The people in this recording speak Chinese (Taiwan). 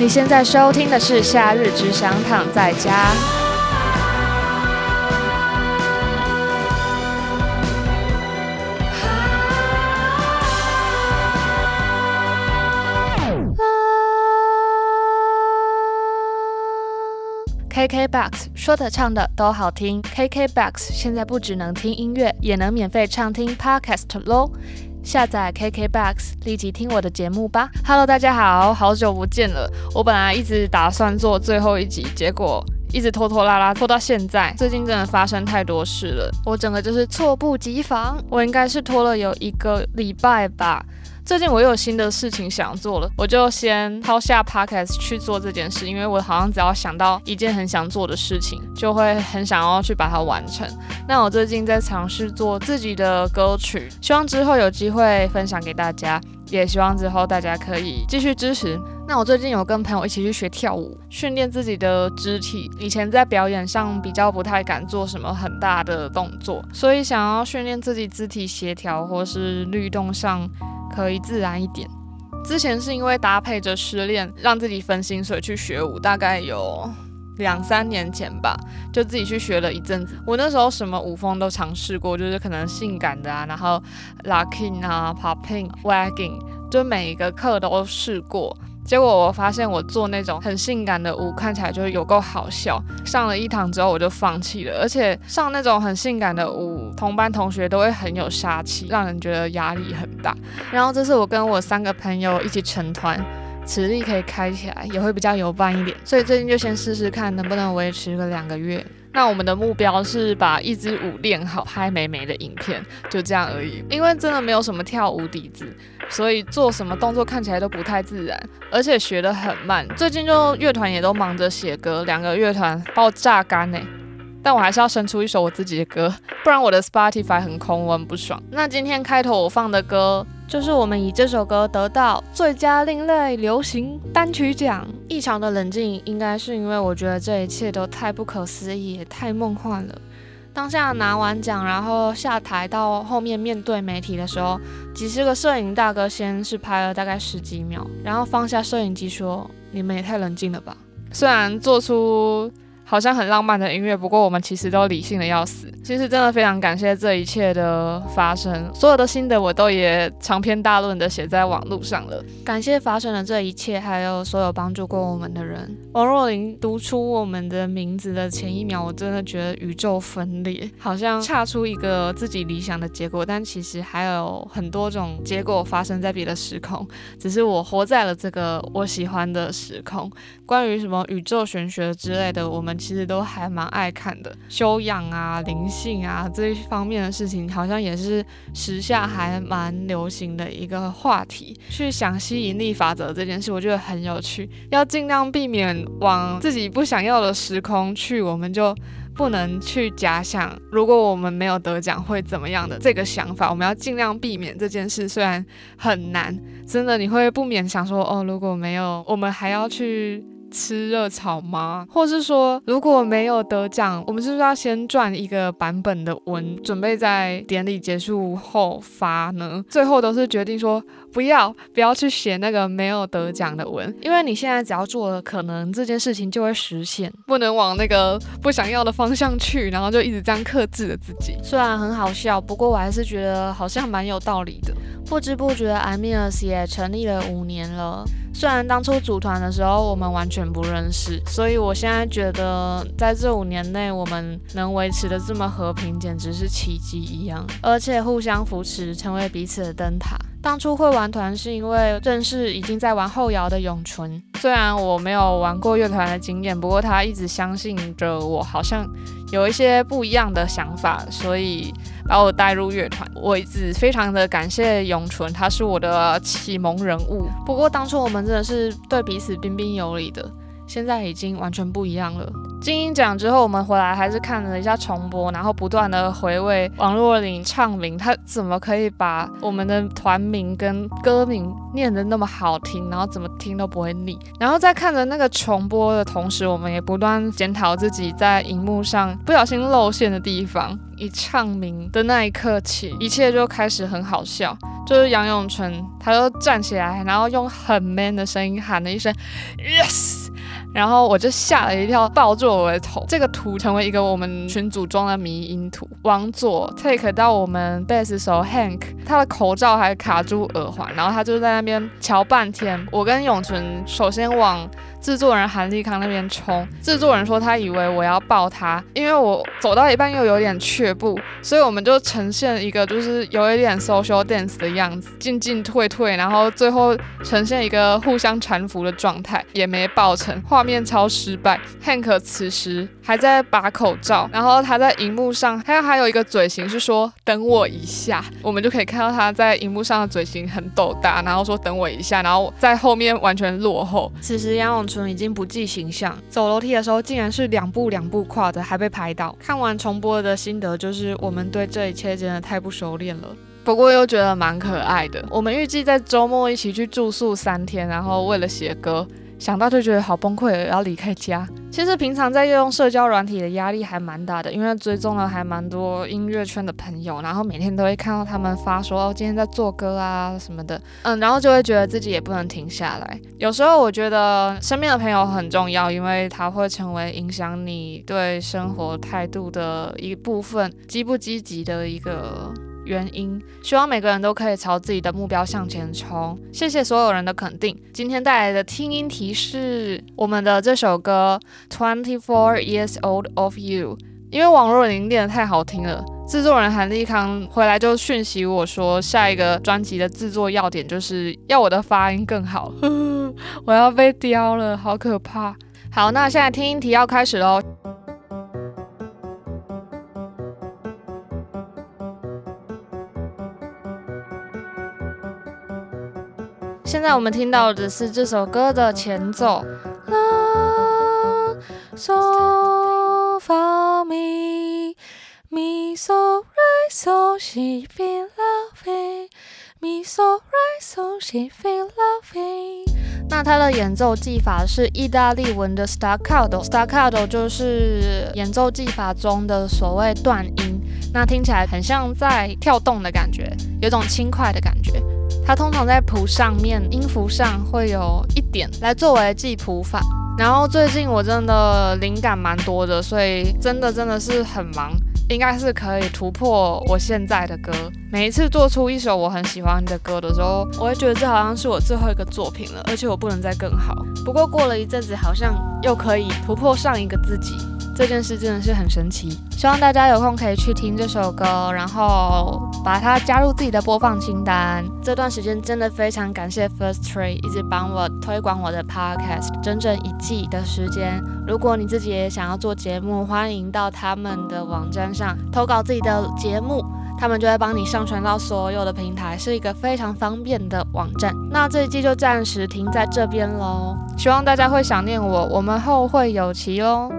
你現在收聽的是《夏日只想躺在家。》 KKBox 說的唱的都好聽，KKBox 現在不只能聽音樂，也能免費暢聽 Podcast 嘍。下載 KKBox，立即聽我的節目吧。Hello，大家好，好久不見了。我本來一直打算做最後一集，結果一直拖拖拉拉，拖到現在。最近真的發生太多事了，我整個就是猝不及防。我應該是拖了有一個禮拜吧。最近我又有新的事情想做了，我就先拋下 podcast 去做這件事，因為我好像只要想到一件很想做的事情，就會很想要去把它完成。那我最近在嘗試做自己的歌曲，希望之後有機會分享給大家，也希望之後大家可以繼續支持。那我最近有跟朋友一起去學跳舞，訓練自己的肢體。以前在表演上比較不太敢做什麼很大的動作，所以想要訓練自己肢體協調，或是律動上可以自然一點。之前是因為搭配着失戀，讓自己分心，所以去學舞。大概有兩三年前吧，就自己去學了一陣子。我那時候什麼舞風都嘗試過，就是可能性感的啊，然後 locking 啊，popping、wagging，就每一個課都試過。結果我發現我做那種很性感的舞，看起來就有夠好笑。上了一堂之後我就放棄了，而且上那種很性感的舞，同班同學都會很有殺氣，讓人覺得壓力很大。然後這次我跟我三個朋友一起成團，磁力可以開起來，也會比較有伴一點。所以最近就先試試看能不能維持個兩個月。那我們的目標是把一支舞練好，拍美美的影片，就這樣而已。因為真的沒有什麼跳舞底子。所以做什麼動作看起來都不太自然，而且學得很慢。最近就樂團也都忙着寫歌，兩個樂團把我榨乾呢、欸。但我還是要生出一首我自己的歌，不然我的 Spotify 很空，我很不爽。那今天開頭我放的歌，就是我們以這首歌得到最佳另類流行單曲獎。異常的冷靜，應該是因為我覺得這一切都太不可思議，也太夢幻了。當下拿完獎，然後下台到後面面對媒體的時候，幾十個攝影大哥先是拍了大概十幾秒，然後放下攝影機說：“你們也太冷靜了吧！”雖然做出好像很浪漫的音樂，不過我們其實都理性的要死。其實真的非常感謝這一切的發生，所有的心得我都也長篇大論的寫在網絡上了。感謝發生了這一切，還有所有幫助過我們的人。王若琳讀出我們的名字的前一秒，我真的覺得宇宙分裂，好像岔出一個自己理想的結果，但其實還有很多種結果發生在別的時空，只是我活在了這個我喜歡的時空。關於什麼宇宙玄學之類的，我們。其實都還蠻愛看的，修養啊、靈性啊這一方面的事情，好像也是時下還蠻流行的一個話題。去想吸引力法則這件事，我覺得很有趣。要盡量避免往自己不想要的時空去，我們就不能去假想，如果我們沒有得獎會怎麼樣的這個想法，我們要盡量避免這件事。雖然很難，真的你會不免想說，哦，如果沒有，我們還要去。吃熱炒嗎？或是說，如果沒有得獎，我們是不是要先轉一個版本的文，準備在典禮結束後發呢？最後都是決定說，不要，不要去寫那個沒有得獎的文，因為你現在只要做了，可能這件事情就會實現，不能往那個不想要的方向去，然後就一直這樣克制着自己。雖然很好笑，不過我還是覺得好像蠻有道理的。不知不覺的 I Mean Us 也成立了五年了。雖然當初組團的時候我們完全不認識，所以我現在覺得，在這五年內我們能維持得這麼和平，簡直是奇蹟一樣，而且互相扶持，成為彼此的燈塔。當初會玩團是因為認識已經在玩後搖的永淳，雖然我沒有玩過樂團的經驗，不過他一直相信着我，好像有一些不一樣的想法，所以把我帶入樂團。我一直非常的感謝永淳，他是我的啟蒙人物。不過當初我們真的是對彼此彬彬有禮的，現在已經完全不一樣了。金音獎之後，我們回來還是看了一下重播，然後不斷的回味王若琳唱名，她怎麼可以把我們的團名跟歌名念得那麼好聽，然後怎麼聽都不會膩。然後在看着那個重播的同時，我們也不斷檢討自己在熒幕上不小心露餡的地方。一唱名的那一刻起，一切就開始很好笑，就是楊永淳，他就站起來，然後用很 man 的聲音喊了一聲 “Yes”。然後我就嚇了一跳，抱住我的頭。這個圖成為一個我們群組裝的迷因圖。往左 take 到我們 bass 手 Hank，他的口罩還卡住耳環，然後他就在那邊瞧半天。我跟永存首先往。製作人韓立康那邊衝，製作人說他以為我要抱他，因為我走到一半又有點卻步，所以我們就呈現一個就是有一點 social dance 的樣子，進進退退，然後最後呈現一個互相攙扶的狀態，也沒抱成，畫面超失敗。Hank 此時還在拔口罩，然後他在熒幕上，他還有一個嘴型是說等我一下，我們就可以看到他在熒幕上的嘴型很斗大，然後說等我一下，然後在後面完全落後。此時楊勇。已經不計形象，走樓梯的時候竟然是兩步兩步跨的，還被拍到。看完重播的心得就是，我們對這一切真的太不熟練了。不過又覺得蠻可愛的。我們預計在周末一起去住宿三天，然後為了寫歌。想到就覺得好崩潰，要離開家。其實平常在用社交軟體的壓力還蠻大的，因為追蹤了還蠻多音樂圈的朋友，然後每天都會看到他們發說，哦，今天在做歌啊，什麼的，嗯，然後就會覺得自己也不能停下來。有時候我覺得身邊的朋友很重要，因為他會成為影響你對生活態度的一部分，積不積極的一個原因，希望每個人都可以朝自己的目標向前衝。謝謝所有人的肯定。今天帶來的聽音題是我們的這首歌 Twenty Four Years Old of You，因為網絡已經練得太好聽了。製作人韓立康回來就訊息我說，下一個專輯的製作要點就是要我的發音更好。 我要被叼了，好可怕！好，那現在聽音題要開始嘍。現在我們聽到的是這首歌的前奏。那它的演奏技法是意大利文的 Staccato，Staccato St 就是演奏技法中的所謂斷音。那聽起來很像在跳動的感覺，有種輕快的感覺。它通常在譜上面，音符上會有一點來作為記譜法。然後最近我真的靈感蠻多的，所以真的真的是很忙，應該是可以突破我現在的歌。每一次做出一首我很喜歡你的歌的時候，我會覺得這好像是我最後一個作品了，而且我不能再更好。不過過了一陣子，好像又可以突破上一個自己。這件事真的是很神奇，希望大家有空可以去聽這首歌，然後把它加入自己的播放清單。這段時間真的非常感謝 First Tree 一直幫我推廣我的 podcast，整整一季的時間。如果你自己也想要做節目，歡迎到他們的網站上投稿自己的節目，他們就會幫你上傳到所有的平台，是一個非常方便的網站。那這一季就暫時停在這邊嘍，希望大家會想念我，我們後會有期哦。